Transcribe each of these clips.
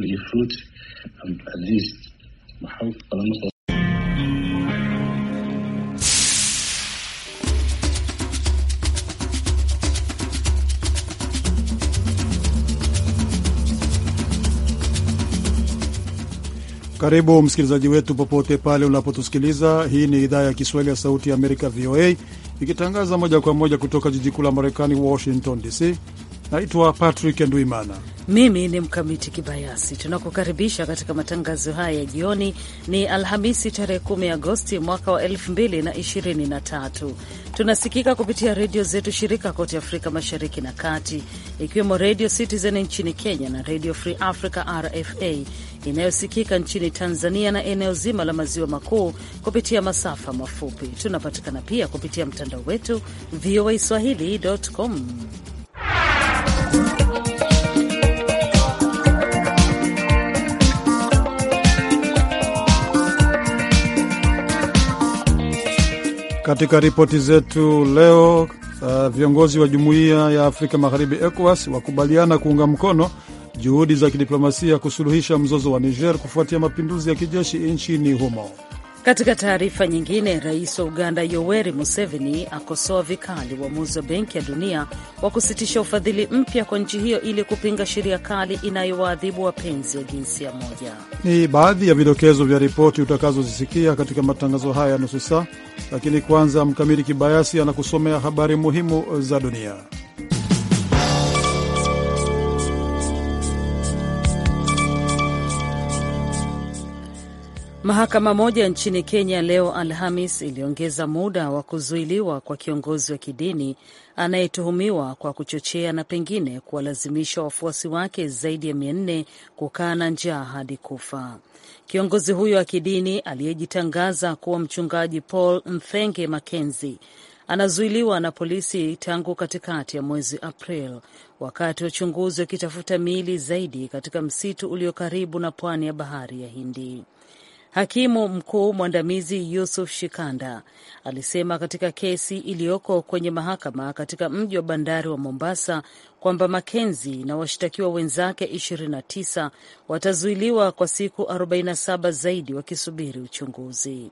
iyo fruit and at least Karibu msikilizaji wetu popote pale unapotusikiliza. Hii ni idhaa ya Kiswahili ya Sauti ya Amerika, VOA, ikitangaza moja kwa moja kutoka jiji kuu la Marekani, Washington DC. Naitwa Patrick Nduimana. Mimi ni Mkamiti Kibayasi. Tunakukaribisha katika matangazo haya ya jioni. Ni Alhamisi tarehe 10 Agosti mwaka wa 2023. Tunasikika kupitia redio zetu shirika kote Afrika Mashariki na Kati, ikiwemo Redio Citizen nchini Kenya na Redio Free Africa RFA inayosikika nchini Tanzania na eneo zima la maziwa makuu kupitia masafa mafupi. Tunapatikana pia kupitia mtandao wetu voa swahili.com. Katika ripoti zetu leo, uh, viongozi wa jumuiya ya Afrika Magharibi ECOWAS wakubaliana kuunga mkono juhudi za kidiplomasia kusuluhisha mzozo wa Niger kufuatia mapinduzi ya kijeshi nchini humo. Katika taarifa nyingine, rais wa Uganda Yoweri Museveni akosoa vikali uamuzi wa Benki ya Dunia wa kusitisha ufadhili mpya kwa nchi hiyo ili kupinga sheria kali inayowaadhibu wapenzi wa jinsia moja. Ni baadhi ya vidokezo vya ripoti utakazozisikia katika matangazo haya ya nusu saa, lakini kwanza, Mkamiri Kibayasi anakusomea habari muhimu za dunia. Mahakama moja nchini Kenya leo Alhamis iliongeza muda wa kuzuiliwa kwa kiongozi wa kidini anayetuhumiwa kwa kuchochea na pengine kuwalazimisha wafuasi wake zaidi ya mia nne kukaa na njaa hadi kufa. Kiongozi huyo wa kidini aliyejitangaza kuwa mchungaji Paul Mthenge makenzi anazuiliwa na polisi tangu katikati ya mwezi April wakati wachunguzi wakitafuta miili zaidi katika msitu ulio karibu na pwani ya bahari ya Hindi. Hakimu mkuu mwandamizi Yusuf Shikanda alisema katika kesi iliyoko kwenye mahakama katika mji wa bandari wa Mombasa kwamba Makenzi na washtakiwa wenzake 29 watazuiliwa kwa siku 47 zaidi wakisubiri uchunguzi.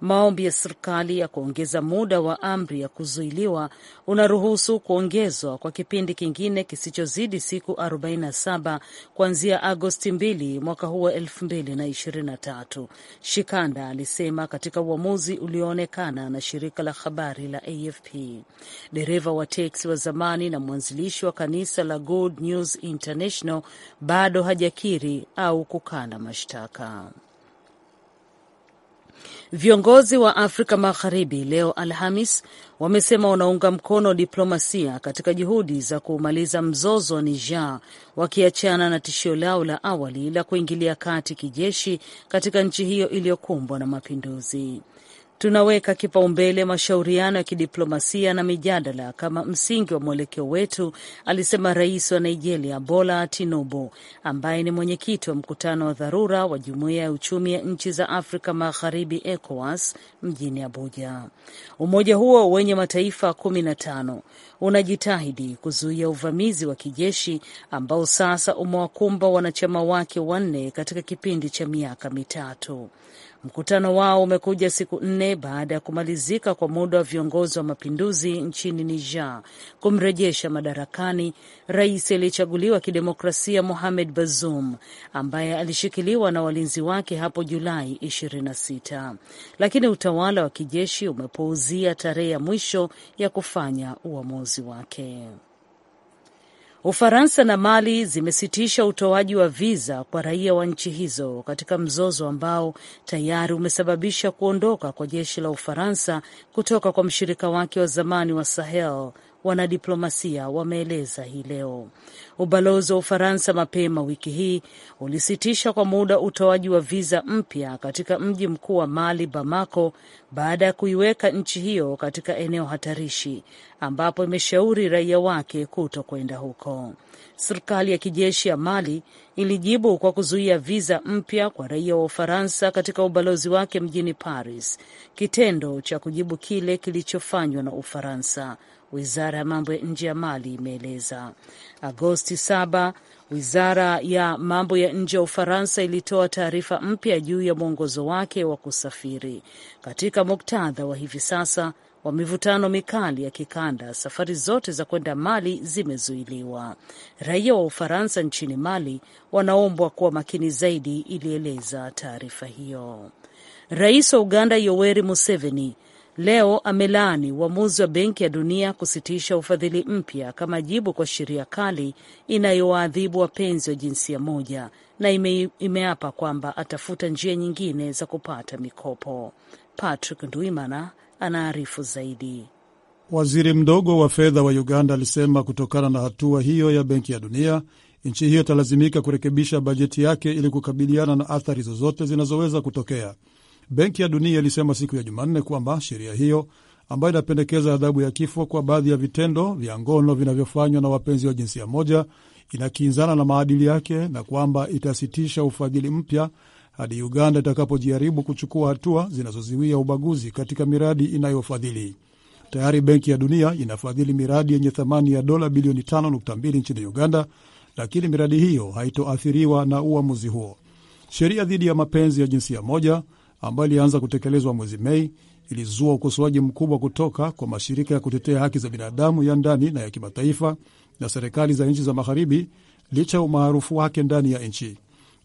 Maombi ya serikali ya kuongeza muda wa amri ya kuzuiliwa unaruhusu kuongezwa kwa kipindi kingine kisichozidi siku 47 kuanzia Agosti 2 mwaka huu wa 2023, Shikanda alisema katika uamuzi ulioonekana na shirika la habari la AFP. Dereva wa teksi wa zamani na mwanzilishi wa kanisa la Good News International bado hajakiri au kukana mashtaka. Viongozi wa Afrika Magharibi leo Alhamis wamesema wanaunga mkono diplomasia katika juhudi za kuumaliza mzozo wa Niger, wakiachana na tishio lao la awali la kuingilia kati kijeshi katika nchi hiyo iliyokumbwa na mapinduzi. Tunaweka kipaumbele mashauriano ya kidiplomasia na mijadala kama msingi wa mwelekeo wetu, alisema rais wa Nigeria Bola Tinubu, ambaye ni mwenyekiti wa mkutano wa dharura wa Jumuiya ya Uchumi ya Nchi za Afrika Magharibi, ECOWAS, mjini Abuja. Umoja huo wenye mataifa kumi na tano unajitahidi kuzuia uvamizi wa kijeshi ambao sasa umewakumba wanachama wake wanne katika kipindi cha miaka mitatu. Mkutano wao umekuja siku nne baada ya kumalizika kwa muda wa viongozi wa mapinduzi nchini Niger kumrejesha madarakani rais aliyechaguliwa kidemokrasia Mohamed Bazoum ambaye alishikiliwa na walinzi wake hapo Julai 26, lakini utawala wa kijeshi umepuuzia tarehe ya mwisho ya kufanya uamuzi uamuzi wake. Ufaransa na Mali zimesitisha utoaji wa viza kwa raia wa nchi hizo katika mzozo ambao tayari umesababisha kuondoka kwa jeshi la Ufaransa kutoka kwa mshirika wake wa zamani wa Sahel, wanadiplomasia wameeleza hii leo ubalozi wa Ufaransa mapema wiki hii ulisitisha kwa muda utoaji wa viza mpya katika mji mkuu wa Mali, Bamako, baada ya kuiweka nchi hiyo katika eneo hatarishi ambapo imeshauri raia wake kuto kwenda huko. Serikali ya kijeshi ya Mali ilijibu kwa kuzuia viza mpya kwa raia wa Ufaransa katika ubalozi wake mjini Paris, kitendo cha kujibu kile kilichofanywa na Ufaransa. Wizara ya mambo ya nje ya Mali imeeleza Agosti Agosti 7 wizara ya mambo ya nje ya Ufaransa ilitoa taarifa mpya juu ya mwongozo wake wa kusafiri katika muktadha wa hivi sasa wa mivutano mikali ya kikanda. Safari zote za kwenda Mali zimezuiliwa. Raia wa Ufaransa nchini Mali wanaombwa kuwa makini zaidi, ilieleza taarifa hiyo. Rais wa Uganda Yoweri Museveni leo amelaani uamuzi wa Benki ya Dunia kusitisha ufadhili mpya kama jibu kwa sheria kali inayowaadhibu wapenzi wa jinsia moja na ime, imeapa kwamba atafuta njia nyingine za kupata mikopo. Patrick Ndwimana anaarifu zaidi. Waziri mdogo wa fedha wa Uganda alisema kutokana na hatua hiyo ya Benki ya Dunia, nchi hiyo italazimika kurekebisha bajeti yake ili kukabiliana na athari zozote zinazoweza kutokea. Benki ya Dunia ilisema siku ya Jumanne kwamba sheria hiyo ambayo inapendekeza adhabu ya kifo kwa baadhi ya vitendo vya ngono vinavyofanywa na wapenzi wa jinsia moja inakinzana na maadili yake na kwamba itasitisha ufadhili mpya hadi Uganda itakapojaribu kuchukua hatua zinazoziwia ubaguzi katika miradi inayofadhili. Tayari Benki ya Dunia inafadhili miradi yenye thamani ya dola bilioni 5.2 nchini Uganda, lakini miradi hiyo haitoathiriwa na uamuzi huo. Sheria dhidi ya mapenzi ya jinsia moja ambayo ilianza kutekelezwa mwezi Mei ilizua ukosoaji mkubwa kutoka kwa mashirika ya kutetea haki za binadamu ya ndani na ya kimataifa na serikali za nchi za magharibi licha ya umaarufu wake ndani ya nchi.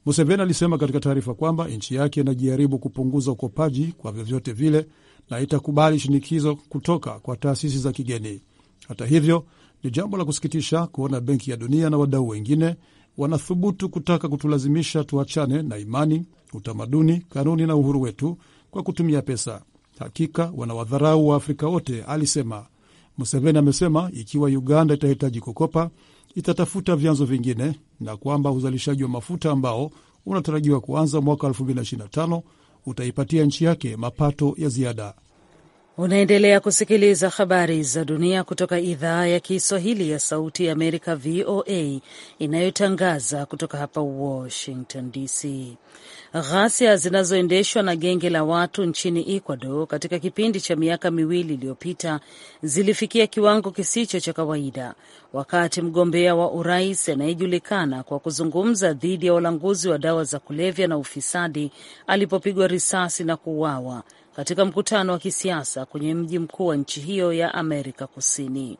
Museveni alisema katika taarifa kwamba nchi yake inajaribu kupunguza ukopaji kwa vyovyote vile na itakubali shinikizo kutoka kwa taasisi za kigeni. Hata hivyo, ni jambo la kusikitisha kuona Benki ya Dunia na wadau wengine wanathubutu kutaka kutulazimisha tuachane na imani utamaduni, kanuni na uhuru wetu kwa kutumia pesa. Hakika wanawadharau wa afrika wote, alisema Museveni. Amesema ikiwa Uganda itahitaji kukopa itatafuta vyanzo vingine na kwamba uzalishaji wa mafuta ambao unatarajiwa kuanza mwaka 2025 utaipatia nchi yake mapato ya ziada. Unaendelea kusikiliza habari za dunia kutoka idhaa ya Kiswahili ya Sauti ya Amerika, VOA, inayotangaza kutoka hapa Washington DC. Ghasia zinazoendeshwa na genge la watu nchini Ecuador katika kipindi cha miaka miwili iliyopita zilifikia kiwango kisicho cha kawaida wakati mgombea wa urais anayejulikana kwa kuzungumza dhidi ya ulanguzi wa dawa za kulevya na ufisadi alipopigwa risasi na kuuawa katika mkutano wa kisiasa kwenye mji mkuu wa nchi hiyo ya Amerika Kusini.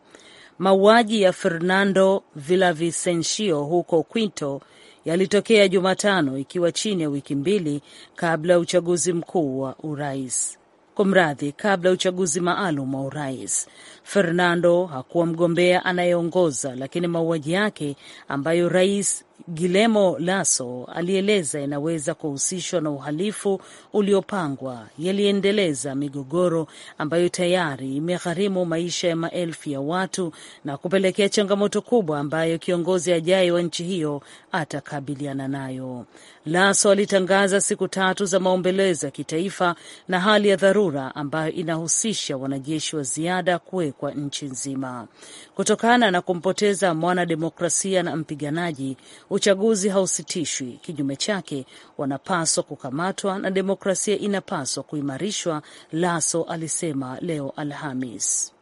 Mauaji ya Fernando Villavicencio huko Quito yalitokea Jumatano, ikiwa chini ya wiki mbili kabla ya uchaguzi mkuu wa urais. Kumradhi, kabla ya uchaguzi maalum wa urais. Fernando hakuwa mgombea anayeongoza, lakini mauaji yake ambayo rais Guillermo Lasso alieleza inaweza kuhusishwa na uhalifu uliopangwa, yaliendeleza migogoro ambayo tayari imegharimu maisha ya maelfu ya watu na kupelekea changamoto kubwa ambayo kiongozi ajaye wa nchi hiyo atakabiliana nayo. Lasso alitangaza siku tatu za maombolezo ya kitaifa na hali ya dharura ambayo inahusisha wanajeshi wa ziada kuwekwa nchi nzima kutokana na kumpoteza mwanademokrasia na mpiganaji, uchaguzi hausitishwi. Kinyume chake, wanapaswa kukamatwa na demokrasia inapaswa kuimarishwa, Lasso alisema leo Alhamis.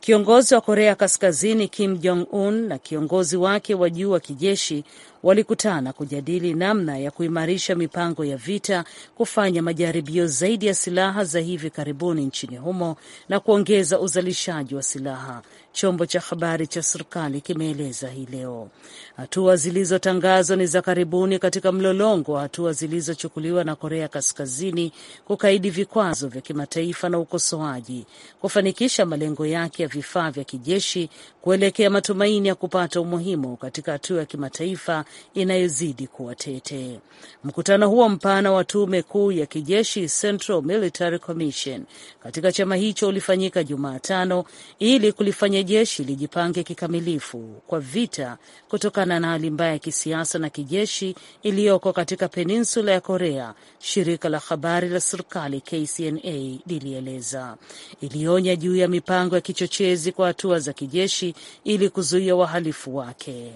Kiongozi wa Korea Kaskazini Kim Jong Un na kiongozi wake wa juu wa kijeshi walikutana kujadili namna ya kuimarisha mipango ya vita, kufanya majaribio zaidi ya silaha za hivi karibuni nchini humo na kuongeza uzalishaji wa silaha. Chombo cha habari cha serikali kimeeleza hii leo. Hatua zilizotangazwa ni za karibuni katika mlolongo wa hatua zilizochukuliwa na Korea Kaskazini kukaidi vikwazo vya kimataifa na ukosoaji, kufanikisha malengo yake ya vifaa vya kijeshi, kuelekea matumaini ya kupata umuhimu katika hatua ya kimataifa inayozidi kuwa tete. Mkutano huo mpana wa tume kuu ya kijeshi Central Military Commission katika chama hicho ulifanyika Jumatano ili kulifanya jeshi lijipange kikamilifu kwa vita kutokana na hali mbaya ya kisiasa na kijeshi iliyoko katika peninsula ya Korea, shirika la habari la serikali KCNA lilieleza. Ilionya juu ya mipango ya kichochezi kwa hatua za kijeshi ili kuzuia wahalifu wake.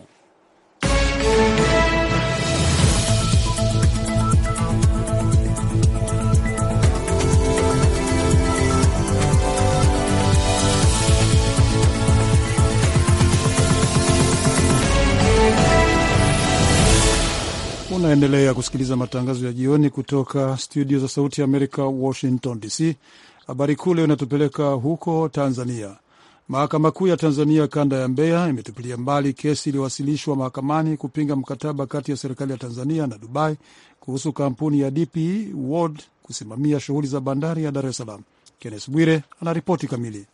Unaendelea kusikiliza matangazo ya jioni kutoka studio za Sauti ya Amerika, Washington DC. Habari kuu leo inatupeleka huko Tanzania. Mahakama Kuu ya Tanzania kanda ya Mbeya imetupilia mbali kesi iliyowasilishwa mahakamani kupinga mkataba kati ya serikali ya Tanzania na Dubai kuhusu kampuni ya DP e, World kusimamia shughuli za bandari ya Dar es Salaam. Kennes Bwire anaripoti kamili.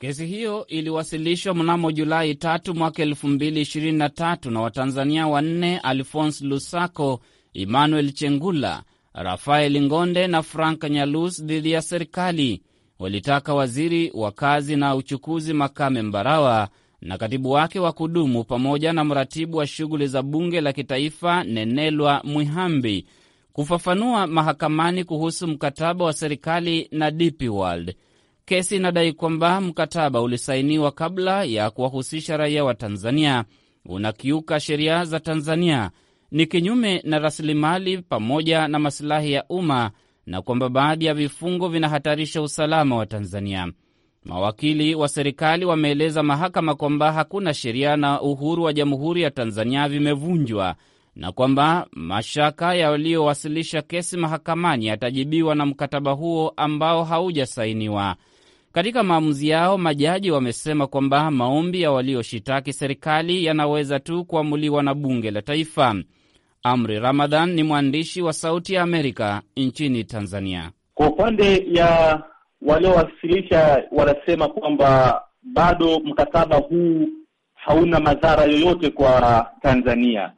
Kesi hiyo iliwasilishwa mnamo Julai 3 mwaka 2023 na Watanzania wanne Alphonse Lusako, Emmanuel Chengula, Rafael Ngonde na Frank Nyalus dhidi ya serikali walitaka waziri wa kazi na uchukuzi Makame Mbarawa na katibu wake wa kudumu pamoja na mratibu wa shughuli za bunge la kitaifa Nenelwa Mwihambi kufafanua mahakamani kuhusu mkataba wa serikali na DP World. Kesi inadai kwamba mkataba ulisainiwa kabla ya kuwahusisha raia wa Tanzania, unakiuka sheria za Tanzania, ni kinyume na rasilimali pamoja na masilahi ya umma na kwamba baadhi ya vifungo vinahatarisha usalama wa Tanzania. Mawakili wa serikali wameeleza mahakama kwamba hakuna sheria na uhuru wa Jamhuri ya Tanzania vimevunjwa na kwamba mashaka yaliyowasilisha kesi mahakamani yatajibiwa na mkataba huo ambao haujasainiwa. Katika maamuzi yao, majaji wamesema kwamba maombi ya walioshitaki serikali yanaweza tu kuamuliwa na bunge la taifa. Amri Ramadhan ni mwandishi wa Sauti ya Amerika nchini Tanzania. Kwa upande ya waliowasilisha, wanasema kwamba bado mkataba huu hauna madhara yoyote kwa Tanzania,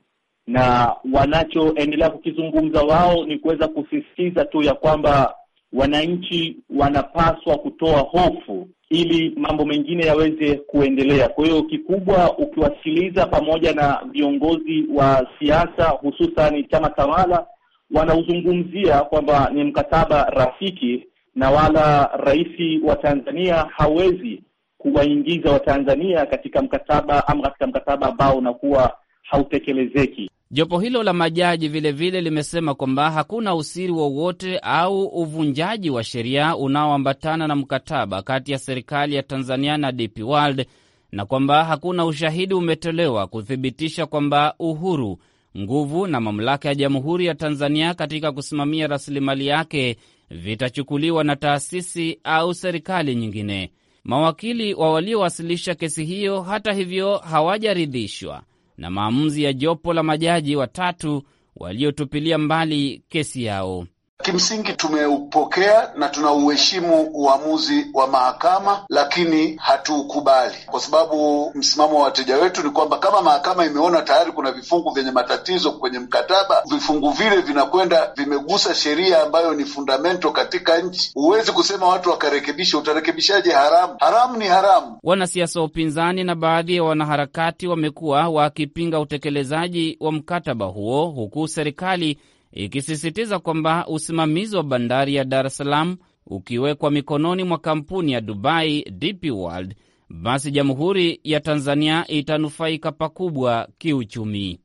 na wanachoendelea kukizungumza wao ni kuweza kusisitiza tu ya kwamba wananchi wanapaswa kutoa hofu ili mambo mengine yaweze kuendelea. Kwa hiyo kikubwa, ukiwasikiliza pamoja na viongozi wa siasa, hususan chama tawala, wanauzungumzia kwamba ni mkataba rafiki na wala rais wa Tanzania hawezi kuwaingiza Watanzania katika mkataba ama katika mkataba ambao unakuwa hautekelezeki. Jopo hilo la majaji vilevile limesema kwamba hakuna usiri wowote au uvunjaji wa sheria unaoambatana na mkataba kati ya serikali ya Tanzania na DP World na kwamba hakuna ushahidi umetolewa kuthibitisha kwamba uhuru, nguvu na mamlaka ya Jamhuri ya Tanzania katika kusimamia rasilimali yake vitachukuliwa na taasisi au serikali nyingine. Mawakili wa waliowasilisha kesi hiyo, hata hivyo, hawajaridhishwa na maamuzi ya jopo la majaji watatu waliotupilia mbali kesi yao. Kimsingi tumeupokea na tunauheshimu uamuzi wa mahakama, lakini hatuukubali kwa sababu msimamo wa wateja wetu ni kwamba kama mahakama imeona tayari kuna vifungu vyenye matatizo kwenye mkataba, vifungu vile vinakwenda vimegusa sheria ambayo ni fundamento katika nchi. Huwezi kusema watu wakarekebisha, utarekebishaje haramu? Haramu ni haramu. Wanasiasa wa upinzani na baadhi ya wanaharakati wamekuwa wakipinga utekelezaji wa mkataba huo, huku serikali ikisisitiza kwamba usimamizi wa bandari ya Dar es Salaam ukiwekwa mikononi mwa kampuni ya Dubai DP World, basi Jamhuri ya Tanzania itanufaika pakubwa kiuchumi.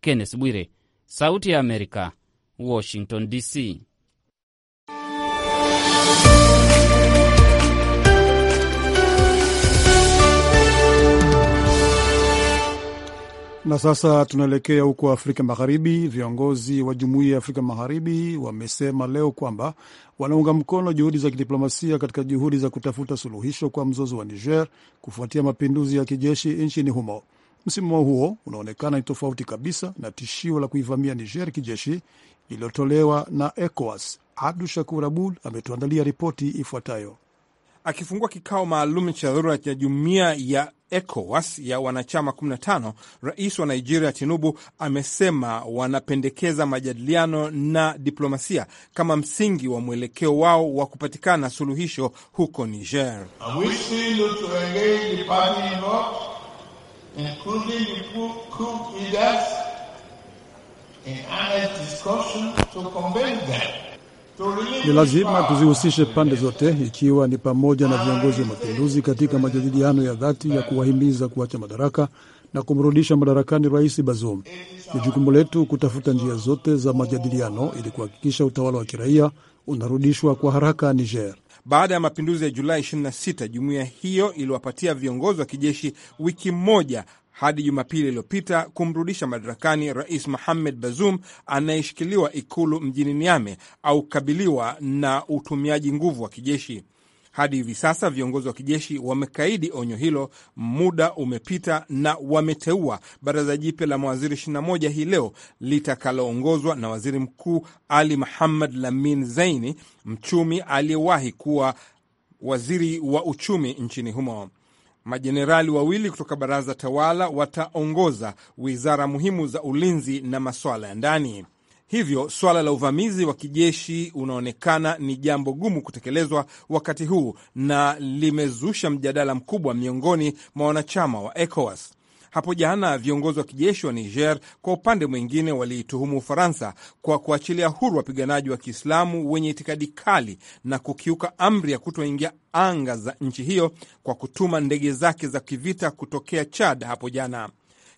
Kenneth Bwire, Sauti ya Amerika, Washington DC. Na sasa tunaelekea huko Afrika Magharibi. Viongozi wa Jumuiya ya Afrika Magharibi wamesema leo kwamba wanaunga mkono juhudi za kidiplomasia katika juhudi za kutafuta suluhisho kwa mzozo wa Niger kufuatia mapinduzi ya kijeshi nchini humo. Msimamo huo unaonekana ni tofauti kabisa na tishio la kuivamia Niger kijeshi lililotolewa na ECOWAS. Abdu Shakur Abud ametuandalia ripoti ifuatayo. Akifungua kikao maalum cha dharura cha jumuiya ya ECOWAS ya wanachama 15, rais wa Nigeria Tinubu amesema wanapendekeza majadiliano na diplomasia kama msingi wa mwelekeo wao wa kupatikana suluhisho huko Niger. Ni lazima tuzihusishe pande zote, ikiwa ni pamoja na viongozi wa mapinduzi katika majadiliano ya dhati ya kuwahimiza kuacha madaraka na kumrudisha madarakani Rais Bazoum. Ni jukumu letu kutafuta njia zote za majadiliano ili kuhakikisha utawala wa kiraia unarudishwa kwa haraka Niger. Baada ya mapinduzi ya Julai 26, jumuiya hiyo iliwapatia viongozi wa kijeshi wiki moja hadi Jumapili iliyopita kumrudisha madarakani Rais Mohamed Bazoum anayeshikiliwa ikulu mjini niame au kukabiliwa na utumiaji nguvu wa kijeshi. Hadi hivi sasa viongozi wa kijeshi wamekaidi onyo hilo. Muda umepita na wameteua baraza jipya la mawaziri 21 hii leo litakaloongozwa na waziri mkuu Ali Muhammad Lamin Zaini, mchumi aliyewahi kuwa waziri wa uchumi nchini humo. Majenerali wawili kutoka baraza tawala wataongoza wizara muhimu za ulinzi na maswala ya ndani. Hivyo swala la uvamizi wa kijeshi unaonekana ni jambo gumu kutekelezwa wakati huu na limezusha mjadala mkubwa miongoni mwa wanachama wa ECOWAS. Hapo jana viongozi wa kijeshi wa Niger kwa upande mwingine waliituhumu Ufaransa kwa kuachilia huru wapiganaji wa Kiislamu wenye itikadi kali na kukiuka amri ya kutoingia anga za nchi hiyo kwa kutuma ndege zake za kivita kutokea Chad hapo jana.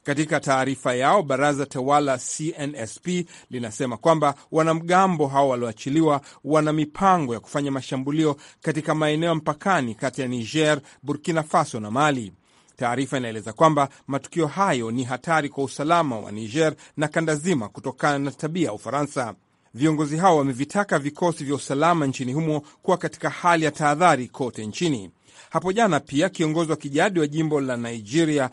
Katika taarifa yao, baraza tawala CNSP linasema kwamba wanamgambo hao walioachiliwa wana mipango ya kufanya mashambulio katika maeneo ya mpakani kati ya Niger, Burkina Faso na Mali. Taarifa inaeleza kwamba matukio hayo ni hatari kwa usalama wa Niger na kanda zima kutokana na tabia ya Ufaransa. Viongozi hao wamevitaka vikosi vya usalama nchini humo kuwa katika hali ya tahadhari kote nchini. Hapo jana pia kiongozi wa kijadi wa jimbo la Nigeria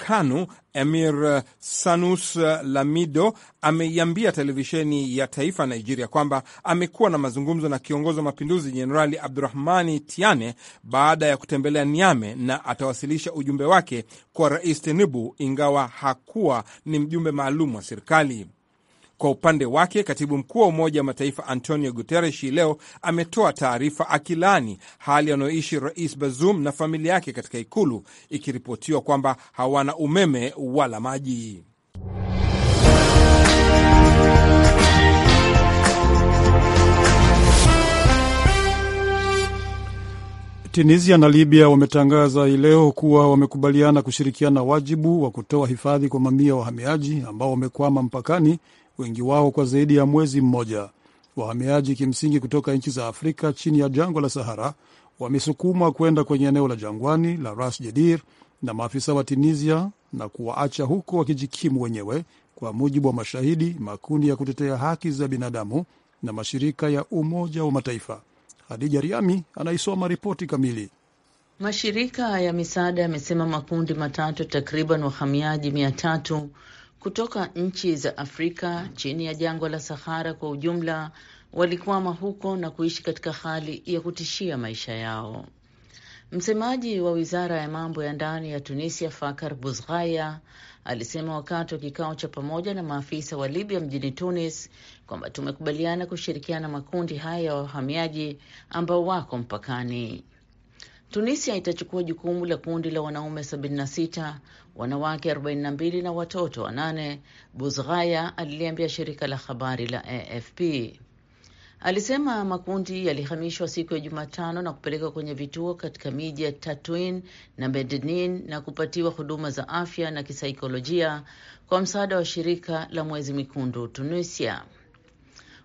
KANU Emir Sanus Lamido ameiambia televisheni ya taifa Nigeria kwamba amekuwa na mazungumzo na kiongozi wa mapinduzi Jenerali Abdurahmani Tiane baada ya kutembelea Niame na atawasilisha ujumbe wake kwa Rais Tinubu, ingawa hakuwa ni mjumbe maalum wa serikali. Kwa upande wake, katibu mkuu wa Umoja wa Mataifa Antonio Guterres hii leo ametoa taarifa akilani hali anayoishi Rais Bazoum na familia yake katika Ikulu, ikiripotiwa kwamba hawana umeme wala maji. Tunisia na Libya wametangaza hii leo kuwa wamekubaliana kushirikiana wajibu wa kutoa hifadhi kwa mamia wahamiaji ambao wamekwama mpakani wengi wao kwa zaidi ya mwezi mmoja. Wahamiaji kimsingi kutoka nchi za Afrika chini ya jangwa la Sahara wamesukumwa kwenda kwenye eneo la jangwani la Ras Jedir na maafisa wa Tunisia na kuwaacha huko wakijikimu wenyewe, kwa mujibu wa mashahidi, makundi ya kutetea haki za binadamu na mashirika ya Umoja wa Mataifa. Hadija Riami anaisoma ripoti kamili. Mashirika ya misaada yamesema makundi matatu takriban wahamiaji mia tatu kutoka nchi za Afrika chini ya jangwa la Sahara kwa ujumla walikwama huko na kuishi katika hali ya kutishia maisha yao. Msemaji wa wizara ya mambo ya ndani ya Tunisia, Fakar Buzghaya, alisema wakati wa kikao cha pamoja na maafisa wa Libya mjini Tunis kwamba tumekubaliana kushirikiana makundi haya ya wahamiaji ambao wako mpakani. Tunisia itachukua jukumu la kundi la wanaume 76, wanawake 42 na watoto wanane. Buzghaya aliliambia shirika la habari la AFP. Alisema makundi yalihamishwa siku ya Jumatano na kupelekwa kwenye vituo katika miji ya tatuin na bedenin na kupatiwa huduma za afya na kisaikolojia kwa msaada wa shirika la Mwezi mikundu Tunisia.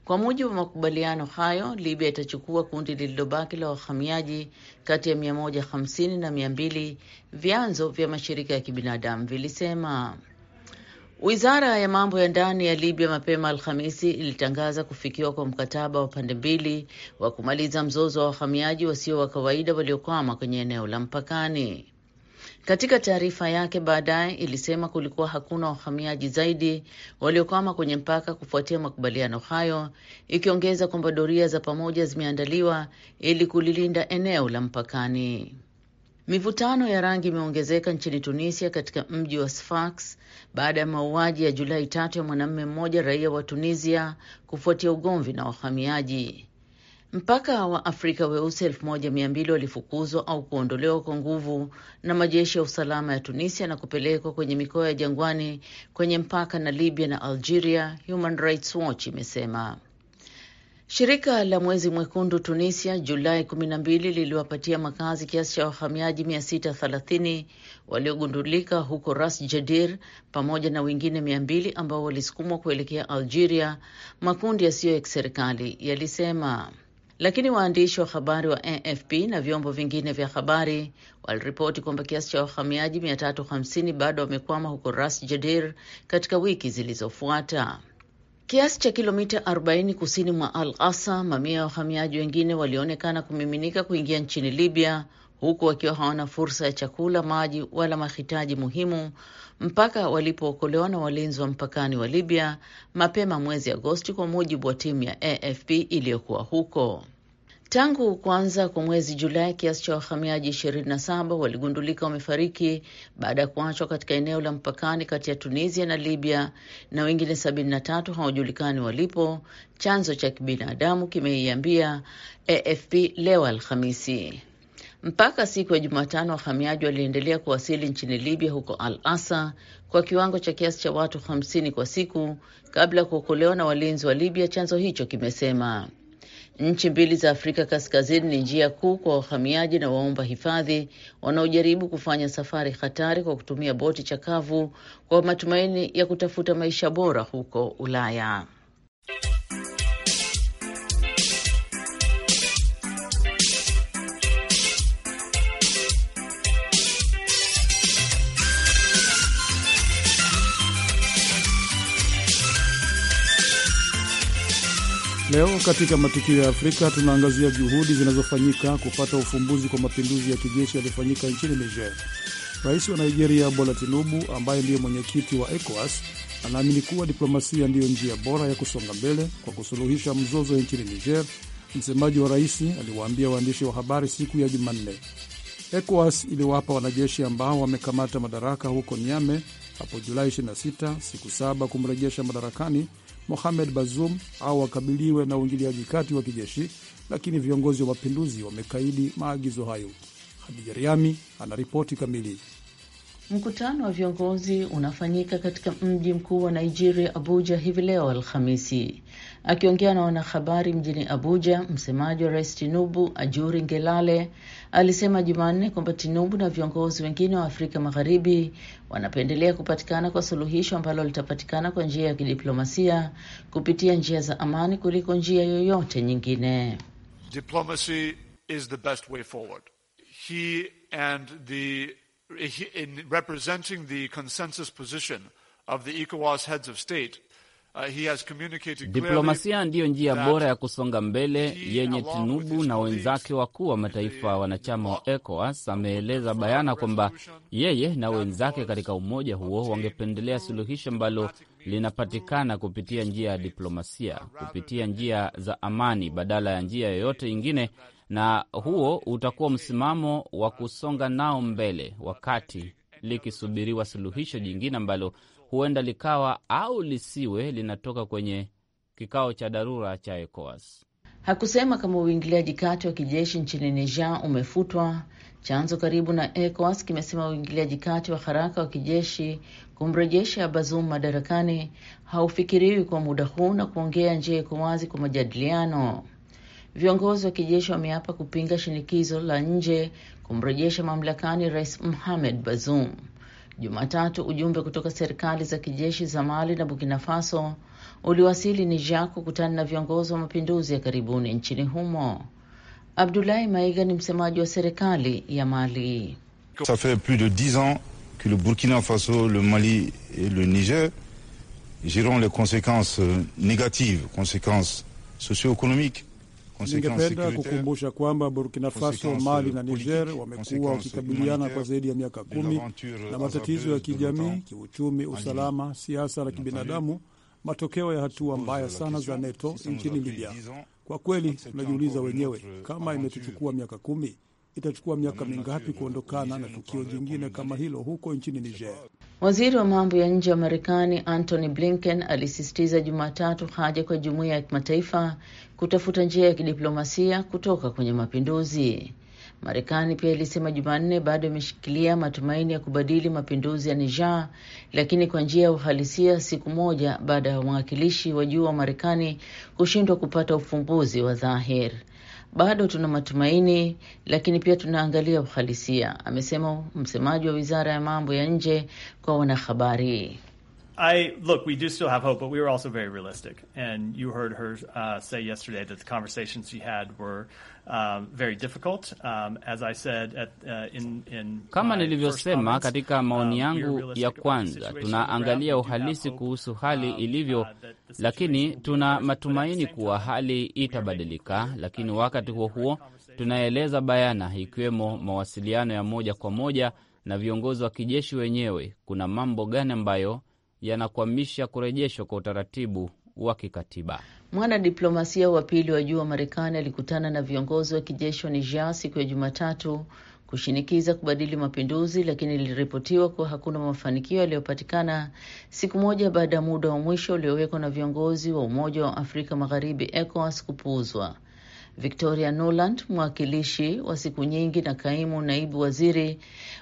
Kwa mujibu wa makubaliano hayo, Libya itachukua kundi lililobaki la wahamiaji kati ya 150 na 200, vyanzo vya mashirika ya kibinadamu vilisema. Wizara ya mambo ya ndani ya Libya mapema Alhamisi ilitangaza kufikiwa kwa mkataba wa pande mbili wa kumaliza mzozo wa wahamiaji wasio wa kawaida waliokwama kwenye eneo la mpakani. Katika taarifa yake baadaye ilisema kulikuwa hakuna wahamiaji zaidi waliokwama kwenye mpaka kufuatia makubaliano hayo, ikiongeza kwamba doria za pamoja zimeandaliwa ili kulilinda eneo la mpakani. Mivutano ya rangi imeongezeka nchini Tunisia katika mji wa Sfax baada ya mauaji ya Julai tatu ya mwanamume mmoja raia wa Tunisia kufuatia ugomvi na wahamiaji. Mpaka wa Afrika weusi elfu moja mia mbili walifukuzwa au kuondolewa kwa nguvu na majeshi ya usalama ya Tunisia na kupelekwa kwenye mikoa ya jangwani kwenye mpaka na Libya na Algeria, Human Rights Watch imesema. Shirika la Mwezi Mwekundu Tunisia Julai 12 liliwapatia makazi kiasi cha wahamiaji 630 waliogundulika huko Ras Jadir pamoja na wengine 200 ambao walisukumwa kuelekea Algeria, makundi yasiyo ya kiserikali yalisema lakini waandishi wa habari wa AFP na vyombo vingine vya habari waliripoti kwamba kiasi cha wahamiaji 350 bado wamekwama huko Ras Jadir katika wiki zilizofuata. Kiasi cha kilomita 40 kusini mwa Al Asa, mamia ya wahamiaji wengine walionekana kumiminika kuingia nchini Libya huku wakiwa hawana fursa ya chakula, maji wala mahitaji muhimu mpaka walipookolewa na walinzi wa mpakani wa Libya mapema mwezi Agosti, kwa mujibu wa timu ya AFP iliyokuwa huko. Tangu kuanza kwa mwezi Julai, kiasi cha wahamiaji 27 waligundulika wamefariki baada ya kuachwa katika eneo la mpakani kati ya Tunisia na Libya, na wengine 73 hawajulikani walipo, chanzo cha kibinadamu kimeiambia AFP leo Alhamisi. Mpaka siku ya Jumatano, wahamiaji waliendelea kuwasili nchini Libya huko Al Asa kwa kiwango cha kiasi cha watu 50 kwa siku kabla ya kuokolewa na walinzi wa Libya, chanzo hicho kimesema. Nchi mbili za Afrika Kaskazini ni njia kuu kwa wahamiaji na waomba hifadhi wanaojaribu kufanya safari hatari kwa kutumia boti chakavu kwa matumaini ya kutafuta maisha bora huko Ulaya. Leo katika matukio ya Afrika tunaangazia juhudi zinazofanyika kupata ufumbuzi kwa mapinduzi ya kijeshi yaliyofanyika nchini Niger. Rais wa Nigeria Bola Tinubu, ambaye ndiye mwenyekiti wa ECOWAS, anaamini kuwa diplomasia ndiyo njia bora ya kusonga mbele kwa kusuluhisha mzozo nchini Niger. Msemaji wa rais aliwaambia waandishi wa habari siku ya Jumanne ECOWAS iliwapa wanajeshi ambao wamekamata madaraka huko nyame hapo Julai 26, siku saba kumrejesha madarakani Mohamed Bazoum au akabiliwe na uingiliaji kati wa kijeshi, lakini viongozi wa mapinduzi wamekaidi maagizo hayo. Hadija Riami anaripoti kamili. Mkutano wa viongozi unafanyika katika mji mkuu wa Nigeria, Abuja, hivi leo Alhamisi. Akiongea na wanahabari mjini Abuja, msemaji wa rais Tinubu Ajuri Ngelale alisema Jumanne kwamba Tinubu na viongozi wengine wa Afrika Magharibi wanapendelea kupatikana kwa suluhisho ambalo litapatikana kwa njia ya kidiplomasia kupitia njia za amani kuliko njia yoyote nyingine. Diplomacy is the best way forward. He and the, in representing the consensus position of the ECOWAS heads of state Uh, diplomasia ndiyo njia bora ya kusonga mbele yenye Tinubu na wenzake wakuu wa mataifa wanachama wa uh, ECOWAS. Ameeleza bayana kwamba yeye na wenzake katika umoja huo wangependelea suluhisho ambalo linapatikana kupitia njia ya diplomasia, uh, kupitia njia za amani badala ya njia yoyote ingine, na huo utakuwa msimamo wa kusonga nao mbele, wakati likisubiriwa suluhisho jingine ambalo huenda likawa au lisiwe linatoka kwenye kikao cha dharura cha ECOWAS. Hakusema kama uingiliaji kati wa kijeshi nchini Niger umefutwa. Chanzo karibu na ECOWAS kimesema uingiliaji kati wa haraka wa kijeshi kumrejesha Bazoum madarakani haufikiriwi kwa muda huu na kuongea njia iko wazi kwa majadiliano. Viongozi wa kijeshi wameapa kupinga shinikizo la nje kumrejesha mamlakani Rais Mohamed Bazoum. Jumatatu ujumbe kutoka serikali za kijeshi za Mali na Burkina Faso uliwasili Niger kukutana na viongozi wa mapinduzi ya karibuni nchini humo. Abdoulaye Maiga ni msemaji wa serikali ya Mali. Ça fait plus de 10 ans que le Burkina Faso, le Mali et le Niger giront les conséquences négatives, conséquences socio-économiques Ningependa kukumbusha kwamba Burkina Faso, Mali na Niger wamekuwa wakikabiliana kwa zaidi ya miaka kumi na matatizo ya kijamii, kiuchumi, usalama, siasa na kibinadamu, matokeo ya hatua mbaya sana za NATO nchini Libya. Kwa kweli tunajiuliza wenyewe, kama imetuchukua miaka kumi, itachukua miaka mingapi kuondokana na tukio jingine kama hilo huko nchini Niger? Waziri wa mambo ya nje wa Marekani Antony Blinken alisisitiza Jumatatu haja kwa jumuiya ya kimataifa kutafuta njia ya kidiplomasia kutoka kwenye mapinduzi. Marekani pia ilisema Jumanne bado imeshikilia matumaini ya kubadili mapinduzi ya Niger, lakini kwa njia ya uhalisia, siku moja baada ya mwakilishi wa juu wa Marekani kushindwa kupata ufumbuzi wa dhahir. Bado tuna matumaini, lakini pia tunaangalia uhalisia, amesema msemaji wa wizara ya mambo ya nje kwa wanahabari. I look, we do still have hope, but we were also very realistic. And you heard her uh, say yesterday that the conversations she had were um, very difficult. Um, as I said at, uh, in, in kama nilivyosema katika um, maoni yangu um, ya kwanza, tunaangalia uhalisi kuhusu hali um, ilivyo, uh, lakini tuna matumaini kuwa hali itabadilika, uh, lakini uh, wakati huo huo tunaeleza bayana, ikiwemo mawasiliano ya moja kwa moja na viongozi wa kijeshi wenyewe, kuna mambo gani ambayo yanakwamisha kurejeshwa kwa utaratibu wa kikatiba. Mwanadiplomasia wa pili wa juu wa Marekani alikutana na viongozi wa kijeshi wa Niger siku ya Jumatatu kushinikiza kubadili mapinduzi, lakini iliripotiwa kuwa hakuna mafanikio yaliyopatikana siku moja baada ya muda wa mwisho uliowekwa na viongozi wa Umoja wa Afrika Magharibi ECOWAS kupuuzwa. Victoria Nuland, mwakilishi wa siku nyingi na kaimu naibu waziri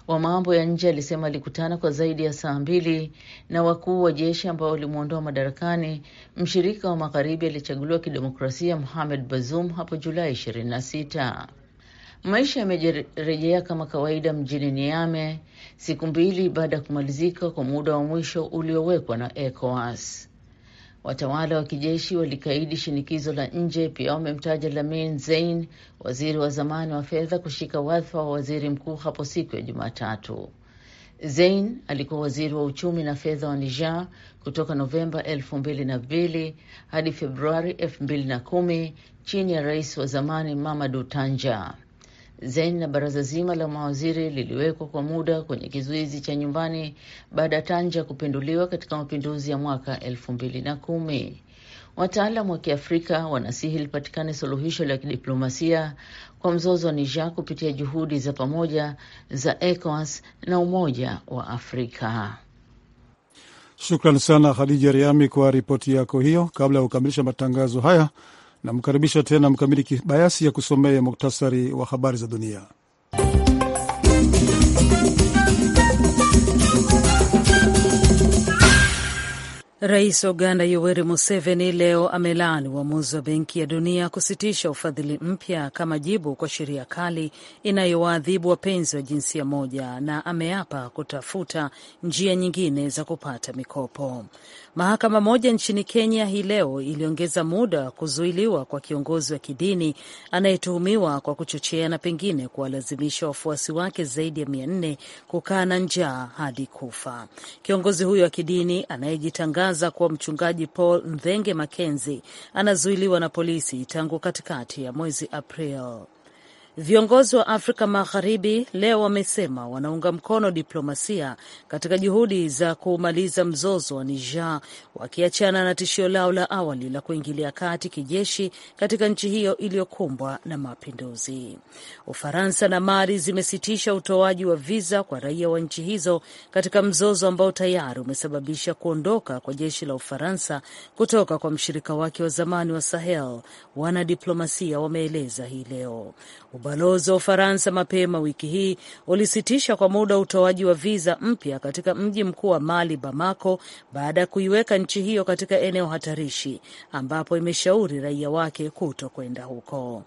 wa mambo ya nje, alisema alikutana kwa zaidi ya saa mbili na wakuu wa jeshi ambao walimwondoa madarakani mshirika wa magharibi aliyechaguliwa kidemokrasia Mohamed Bazoum hapo Julai 26. Maisha yamerejea kama kawaida mjini niame siku mbili baada ya kumalizika kwa muda wa mwisho uliowekwa na ECOWAS. Watawala wa kijeshi walikaidi shinikizo la nje. Pia wamemtaja Lamin Zein, waziri wa zamani wa fedha, kushika wadhifa wa waziri mkuu hapo siku ya Jumatatu. Zein alikuwa waziri wa uchumi na fedha wa Niger kutoka Novemba elfu hadi Februari 21 chini ya rais wa zamani Mamadu Tanja. Zen na baraza zima la mawaziri liliwekwa kwa muda kwenye kizuizi cha nyumbani baada ya Tanja kupinduliwa katika mapinduzi ya mwaka elfu mbili na kumi. Wataalam wa Kiafrika wanasihi lipatikane suluhisho la kidiplomasia kwa mzozo wa Niger kupitia juhudi za pamoja za ECOWAS na Umoja wa Afrika. Shukran sana Khadija Riami kwa ripoti yako hiyo. Kabla ya kukamilisha matangazo haya Namkaribisha tena Mkamili Kibayasi ya kusomea muktasari wa habari za dunia. Rais wa Uganda Yoweri Museveni leo amelaani uamuzi wa Benki ya Dunia kusitisha ufadhili mpya kama jibu kwa sheria kali inayowaadhibu wapenzi wa jinsia moja, na ameapa kutafuta njia nyingine za kupata mikopo. Mahakama moja nchini Kenya hii leo iliongeza muda wa kuzuiliwa kwa kiongozi wa kidini anayetuhumiwa kwa kuchochea na pengine kuwalazimisha wafuasi wake zaidi ya mia nne kukaa na njaa hadi kufa. Kiongozi huyo wa kidini anayejitangaza ametangaza kuwa mchungaji Paul Mdhenge Mackenzie anazuiliwa na polisi tangu katikati ya mwezi April. Viongozi wa Afrika Magharibi leo wamesema wanaunga mkono diplomasia katika juhudi za kumaliza mzozo wa Niger, wakiachana na tishio lao la awali la kuingilia kati kijeshi katika nchi hiyo iliyokumbwa na mapinduzi. Ufaransa na Mali zimesitisha utoaji wa viza kwa raia wa nchi hizo katika mzozo ambao tayari umesababisha kuondoka kwa jeshi la Ufaransa kutoka kwa mshirika wake wa zamani wa Sahel, wanadiplomasia wameeleza hii leo. Ubalozi wa Ufaransa mapema wiki hii ulisitisha kwa muda utoaji wa viza mpya katika mji mkuu wa Mali, Bamako, baada ya kuiweka nchi hiyo katika eneo hatarishi ambapo imeshauri raia wake kuto kwenda huko.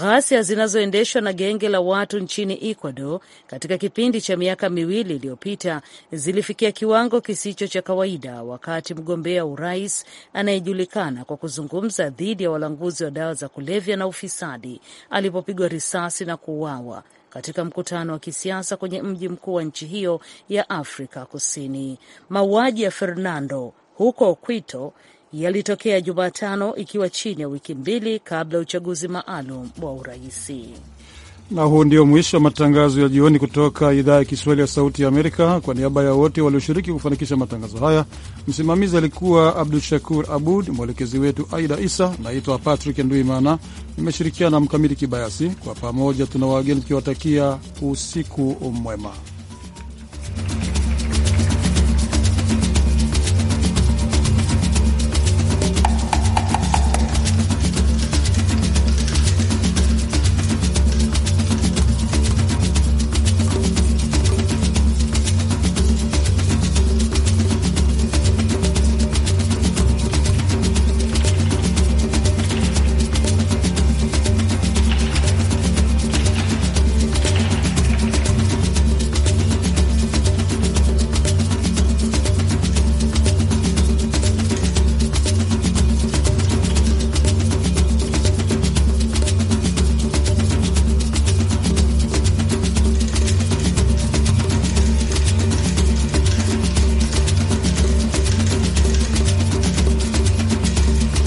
Ghasia zinazoendeshwa na genge la watu nchini Ecuador katika kipindi cha miaka miwili iliyopita zilifikia kiwango kisicho cha kawaida wakati mgombea urais anayejulikana kwa kuzungumza dhidi ya walanguzi wa dawa za kulevya na ufisadi alipopigwa risasi risasi na kuuawa katika mkutano wa kisiasa kwenye mji mkuu wa nchi hiyo ya Afrika Kusini. Mauaji ya Fernando huko Quito yalitokea Jumatano, ikiwa chini ya wiki mbili kabla ya uchaguzi maalum wa uraisi. Na huu ndio mwisho wa matangazo ya jioni kutoka idhaa ya Kiswahili ya Sauti ya Amerika. Kwa niaba ya wote walioshiriki kufanikisha matangazo haya, msimamizi alikuwa Abdu Shakur Abud, mwelekezi wetu Aida Isa. Naitwa Patrick Nduimana, nimeshirikiana na Mkamiti Kibayasi. Kwa pamoja tuna wageni tukiwatakia usiku mwema.